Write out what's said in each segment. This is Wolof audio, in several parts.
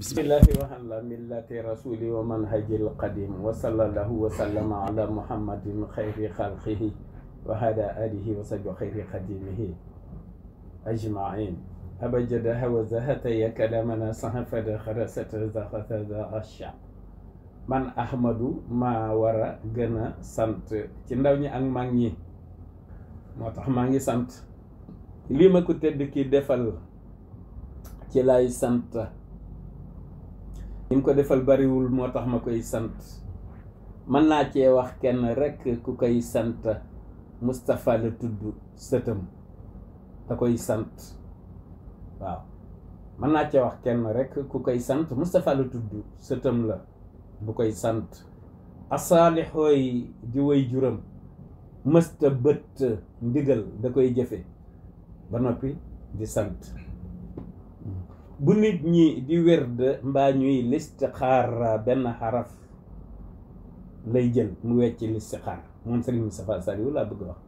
بسم الله الرحيم ملة رسول ومنهج القديم وصلى الله وسلم على محمد خير خلقه وهذا آله وصحبه خير قديمه أجمعين أبجدها وزهت يا كلامنا صحف خرست زخت ذا أشع من أحمد ما ورا جنا سنت تندوني أن ماني ما تحماني سنت لما كنت دكي دفل ci سنت li mu ko defal bariwul moo tax ma koy sant mën naa cee wax kenn rekk ku koy sant Moustapha la tudd sëtam da koy sant waaw mën naa cee wax kenn rekk ku koy sant Moustapha la tudd sëtam la bu koy sant asaalixooy di way juram mësta bët ndigal da koy jëfe ba noppi di sant bu nit ñi di wérd mbaa ñuy listixaar benn xaraf lay jën mu wecc listixaar moom sëriñ Moustapha Saliou laa bëgg wax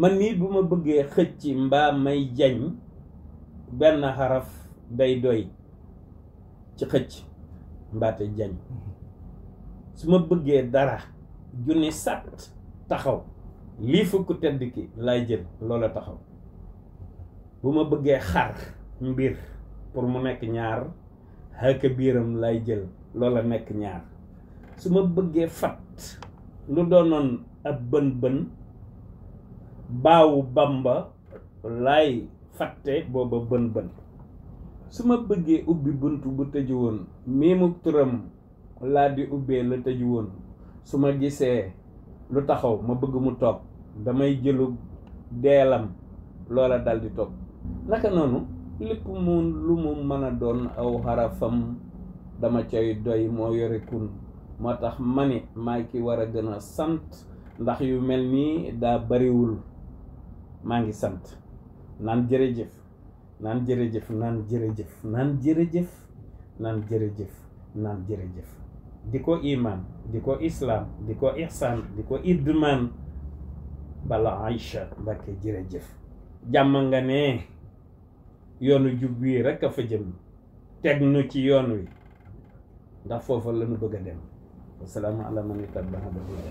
man nii bu ma bëggee xëcc mbaa may jañ benn xaraf day doy ci xëcc mbaate jañ su ma bëggee dara junni sat taxaw lii fukk tedd ki laay jën loola taxaw bu ma bëggee xar mbir pour mu nek ñaar xëkk biiram lay jël lola nek ñaar suma bëgge fat lu donon ab bën bën baaw bamba lay fatte boba bën bën suma bëgge ubi ubbi buntu bu tëju woon mimu turam la di ubbe la tëju woon suma ma gisee lu taxaw ma bëgg mu toog damay jëlu deelam loola dal di toog naka noonu lépp mu lu mu mën a doon aw xarafam dama cay doy moo yore kun moo tax ma ni maa ki war a gën a sant ndax yu mel nii daa bariwul maa ngi sant naan jërëjëf naan jërëjëf naan jërëjëf naan jërëjëf naan jërëjëf naan jërëjëf di ko iman di ko islaam di ko ihsaan di ko idman bala aïcha mbakke jërëjëf jàmm nga ne yoonu jub wii rek a fa jëm teg nu ci yoon wi ndax foofa la ñu bëgg a dem wasalaamu ala man ittaba'a al-huda